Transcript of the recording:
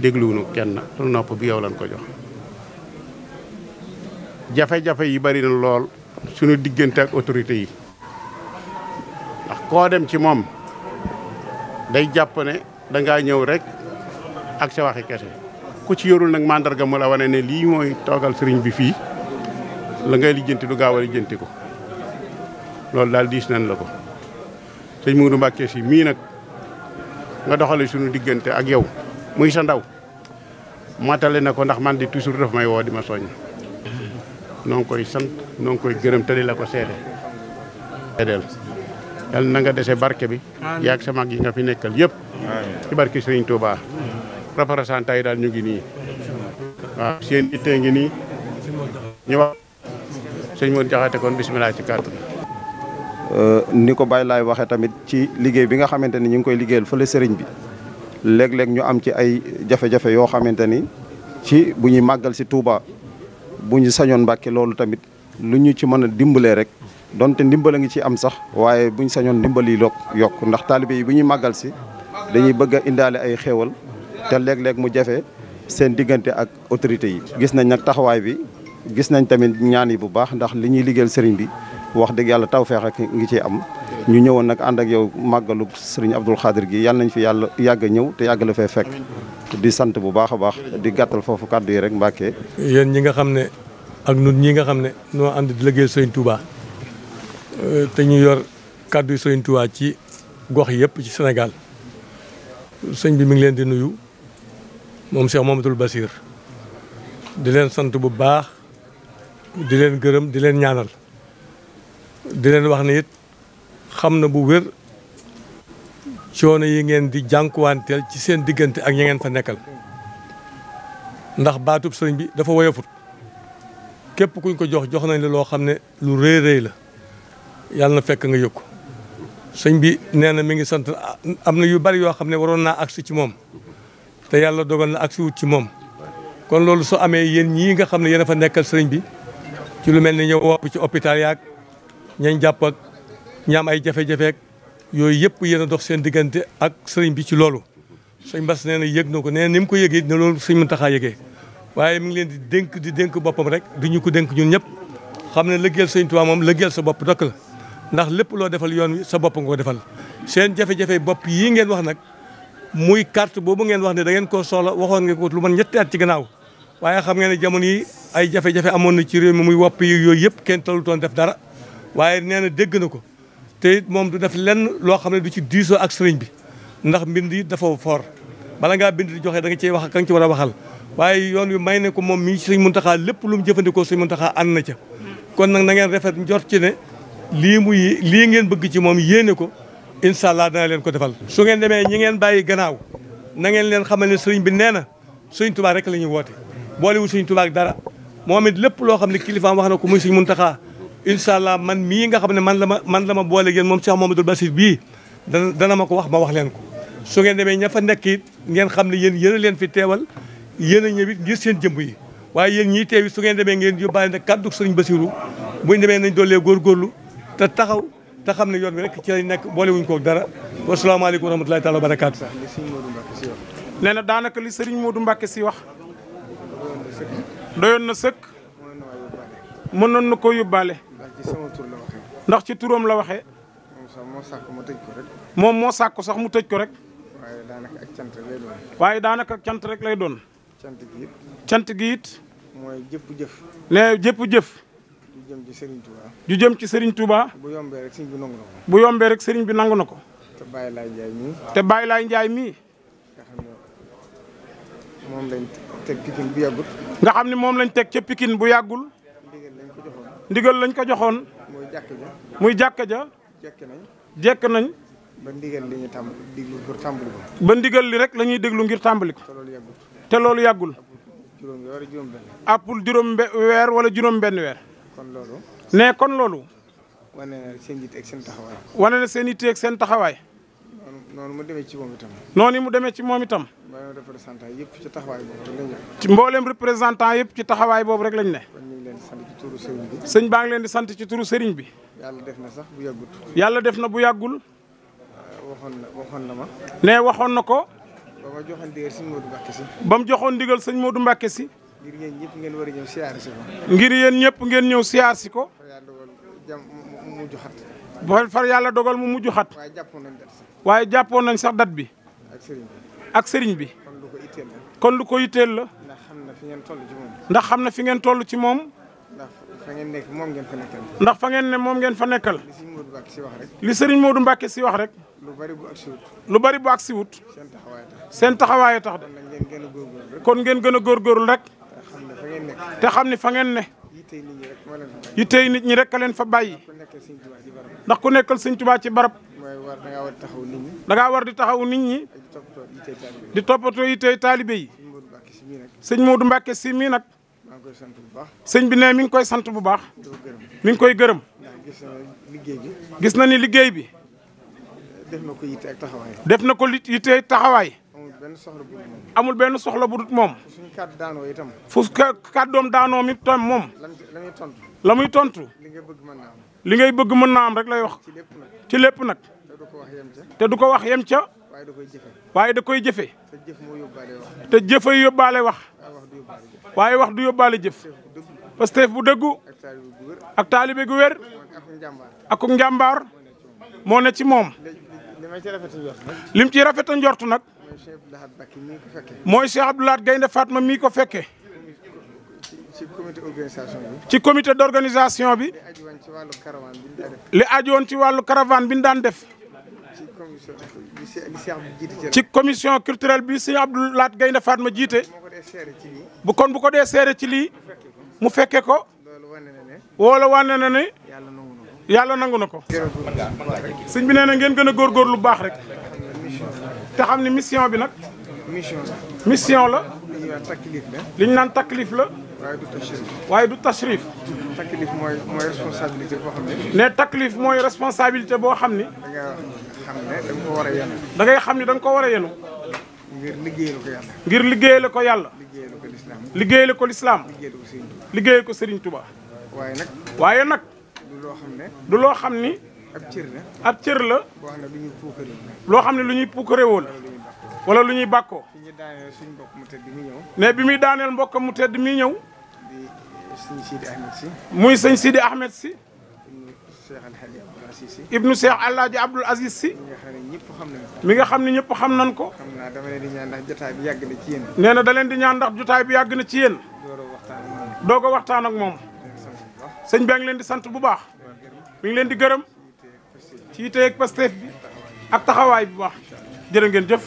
dégluwunu kenn sunu nopp bi yow lan ko jox jafe-jafe yi bari na lool sunu diggante ak autorité yi ndax koo dem ci moom day jàpp ne dangaa ñëw rek ak sa waxi kese ku ci yorul nag mandarga mu la wane ne lii mooy toogal sëriñ bi fii la ngay lijjanti du gaaw a lijjante ko loolu daal diis nañ la ko sëñ Mourou Mbacke si mii nag nga doxale sunu diggante ak yow muy sa ndaw matale na ko ndax man di toujours daf may woo di ma soññ noo koy sant noo koy gërëm te di ko seede seedeel yàlla na dese barke bi yaag sa mag yi nga fi nekkal yëpp ci barke Serigne Touba représentant yi daal ñu ngi nii waaw seen ittee ngi nii ñu wax sëñ kon bisimilah ci kàddu euh, ni ko baay Laay waxee tamit ci liggéey bi nga xamante ni ñu ngi koy liggéeyal fële sëriñ bi léeg-léeg ñu am ci ay jafe-jafe yoo xamante ni ci bu ñuy màggal si Touba bu ñu sañoon Mbàkke loolu tamit lu ñu ci mën a dimbalee rek donte ndimbal a ngi ci am sax waaye bu ñu sañoon ndimbal yi yokk ndax taalibe yi bu ñuy màggal si dañuy bëgg a indaale ay xéewal te léeg-léeg mu jafe seen diggante ak autorité yi. gis nañ nag taxawaay bi gis nañ tamit ñaan yi bu baax ndax li ñuy liggéeyal sëriñ bi wax dëgg yàlla tawfeex ak ngi ciy am. ñu ñëwoon nag ànd ak yow màggalu sëriñ Abdul Xaadir gi yal nañ fi yàlla yàgg ñëw te yàgg la fee fekk di sant bu baax a baax di gàttal foofu kàddu yi rek Mbàkke yéen ñi nga xam ne ak ñun ñi nga xam ne noo ànd di liggéey sëriñ Touba euh, te ñu yor kàddu yi sëriñ Touba ci gox yëpp ci senegal sëñ bi mu ngi leen di nuyu moom Cheikh Mamadou Bassir di leen sant bu baax di leen gërëm di leen ñaanal di leen wax ne it xam na bu wér coono yi ngeen di jànkuwanteel ci seen diggante ak ña ngeen fa nekkal ndax baatub sëriñ bi dafa woyofut képp kuñ ko jox jox nañ la loo xam ne lu rëy rëy la yàlla na fekk nga yëg ko sëñ bi nee na mi ngi sant am na yu bari yoo xam ne waroon naa agsi ci moom te yàlla dogal na agsi wut ci moom kon loolu soo amee yéen ñii nga xam ne yéen a fa nekkal sëriñ bi ci lu mel ni ñëw wopp ci hôpital yaag ñañ jàpp ñi ay jafe-jafe yooyu yëpp yéen a dox seen diggante ak sëriñ bi ci loolu sëñ Bass nee na yëg na ko nee ni mu ko yëgee ne loolu sëñ Mountakha yëgee waaye mi ngi leen di dénk di dénk boppam rek di ñu ko dénk ñun ñëpp xam ne lëggeel sëñ Tuubaa moom lëggeel sa bopp dokk la ndax lépp loo defal yoon wi sa bopp ngoo defal seen jafe-jafe bopp yii ngeen wax nag muy carte boobu ngeen wax ne da ngeen koo soxla waxoon nga ko lu man ñetti at ci gannaaw waaye xam ngeen ne jamono yi ay jafe-jafe amoon na ci réew mi muy wopp yi yooyu yëpp kenn talutoon def dara waaye nee na dégg na ko te it moom du def lenn loo xam ne du ci diisoo ak sëriñ bi ndax mbind yi dafa foor bala ngaa bind di joxe da nga cey wax ak nga ci war a waxal waaye yoon wi may ne ko moom mii sëriñ Muntaxa lépp lu mu jëfandikoo sëriñ Muntaxa ànd na ca kon nag na ngeen rafet njort ci ne lii muy lii ngeen bëgg ci moom yéene ko incha allah dana leen ko defal su ngeen demee ñi ngeen bàyyi gannaaw na ngeen leen xamal ne sëriñ bi nee na sëriñ Tuubaa rek la ñuy boole boolewul sëriñ Tuubaa ak dara moom it lépp loo xam ne kilifaam wax na ko muy sëriñ Muntaxa incha allah man mii nga xam ne man la ma man la ma boole yéen moom Cheikh Mamadou Bassir bii dana dana ma ko wax ma wax leen ko su ngeen demee ña fa nekk it ngeen xam ne yéen yéen leen fi teewal yéen a ñëw it ngir seen jëmb yi waaye yéen ñii teew it su ngeen demee ngeen yóbbaale nag kàddu sëriñ Bassirou buñ demee nañ góor góorlu te taxaw te xam ne yoon bi rek ci lañ nekk boole wuñ ko dara wasalaamaaleykum wa rahmatulahi taala wa barakaatu nee na daanaka li sëriñ Modou Mbacke si wax doyoon na sëkk mënoon na ko yóbbaale ci sama tur ndax ci turoom la waxee. moom sax moo sàkk mu tëj ko rek. moom moo sàkk sax mu tëj ko rek. waaye daanaka ak cant rek lay doon. waaye daanaka ak cant lay doon. cant gi it. cant gi it. mooy jëpp jëf. nee jëpp jëf. ju jëm ci sëriñ Touba. ju jëm ci sëriñ Touba. bu yombee rek Serigne bi nangu na ko. bu yombee rek Serigne bi nangu na ko. te Baye Laye Ndiaye mii. te Baye Laye njaay mii. nga xam ne moom lañ teg Pikine bu moom lañ teg ca bu yàggul. ndigal lañ ko joxoon. muy jàkk ja. muy jàkk ja. jekk nañ. jekk nañ. ba ndigal li ñu tàmbali déglu ngir tàmbali ko. li rek la ñuy déglu ngir tàmbali ko. te loolu yàggul. te loolu yàggul. appul juróom weer wala juróom benn weer. kon loolu. ne kon loolu. wane na seen yitte ak seen taxawaay. wane na seen yitte ak seen taxawaay. noonu mu demee ci moom itam. noonu mu demee ci moom itam. mboolem représentant yëpp ci taxawaay boobu rek lañ ne. yëpp ci taxawaay boobu rek lañ ne. sëñ baa ngi leen di sant ci turu sëriñ bi. yàlla def na sax bu yàggul. yàlla def na bu yàggul. waxoon na waxoon na ma. ne waxoon na ko. ba ma joxoon ndigal sëñ Modou si. ba mu joxoon ndigal sëñ Modou Mbacke si. ngir yéen ñëpp ngeen war a ñëw siyaar si ngir yéen ñëpp ngeen ñëw siyaar si ko. mu mujj xat. boo far yàlla dogal mu mujj xat. waaye jàppoon nañ dat waaye jàppoon nañ sax dat bi. ak sëriñ bi. ak sëriñ bi. kon lu ko itteel la. kon lu ko itteel la. ndax xam na fi ngeen toll ci moom. ci moom. fa ngeen nekk moom ngeen fa nekkal. ndax fa ngeen ne moom ngeen fa nekkal. li sëriñ Modou Mbacke si rek. li sëriñ Modou Mbacke si wax rek. lu bari bu ak si wut. lu bari bu ak si wut. seen taxawaay tax seen taxawaay tax de. kon ngeen gën a góorgóorlu rek. te xam ne fa ngeen ne. yittey nit ñi rek ka leen fa bàyyi. ndax ku nekkal sëñ Tuubaa ci barab. da ngaa war di taxaw nit ñi. di toppatoo yittey taalibe yi. sëñ Modou Mbacke si mii nag. sëñ bi ne mi ngi koy sant bu baax. mi ngi koy gërëm. gis na ni liggéey bi. def na ko yitte ak taxawaay. def na ko yitte taxawaay. amul benn soxla bu dut moom. suñu kàddu daanoo itam. fu kàddoom daanoo mi tam moom. la muy tontu. la muy tontu. li ngay bëgg mën na am. li ngay bëgg mën naa am rek lay wax. ci lépp nag ci lépp nag. te du ko wax yem ca. te du ko wax yem ca. waaye da koy jëfe. waaye da koy jëfe. jëf moo yóbbaale wax. waaye wax du yóbbaale jëf Pastef bu dëggu ak taalibe gu wér ak ku njàmbaar moo ne ci moom lim ci rafet a njortu nag mooy Cheikh Abdou Lahad Gaynde Fatma mii ko fekke ci comité organisation bi. ci comité d' organisation bi. li aju woon ci wàllu caravane bi def. li aju ci wàllu caravane bi ñu daan def. ci commission bi ci commission culturelle bi sëñ jiite. bu kon bu ko dee seere ci lii mu fekke ko woola wane na ne yàlla nangu na ko sëñ bi neen na ngeen gën a góor góor lu baax rek te xam ni mission bi nag mission la li ñu naan taklif la waaye du tashrif waaye du tashrif taklif mooy mooy responsabilité boo xam ne ne taklif mooy responsabilité boo xam ni da ngay xam ne da war a yenu da ngay xam ni da ko war a yenu ngir liggéeyal ko yàlla. ngir liggéeyal ko yàlla. liggéeyal ko lislaam. liggéeyal ko lislaam. liggéeyal ko Serigne Touba. waaye nag. waaye nag. du loo xam ne. du loo xam ni. ab cër la ab cër la. boo xam ne lu ñuy loo xam ne lu ñuy puukaree woon. wala lu ñuy bàkkoo. fi ñu daaneel suñu mbokk mu tedd mi ñëw. mais bi muy daaneel mbokk mu tedd mi ñëw. di sëñ muy sëñ Sidi Ahmed si. ibnu Seex Alaaji Abdul Aziz Si. mi nga xam ne ñëpp xam nañ ko. xam naa dama leen di ñaan ndax jotaay bi yàgg na ci nee na da leen di ñaan ndax jotaay bi yàgg na ci yéen. doog a waxtaan ak moom. sëñ bi a ngi leen di sant bu baax. mi ngi leen di gërëm. ci yitteeg Pastef bi. ak taxawaay bu baax. jërë ngeen jëf.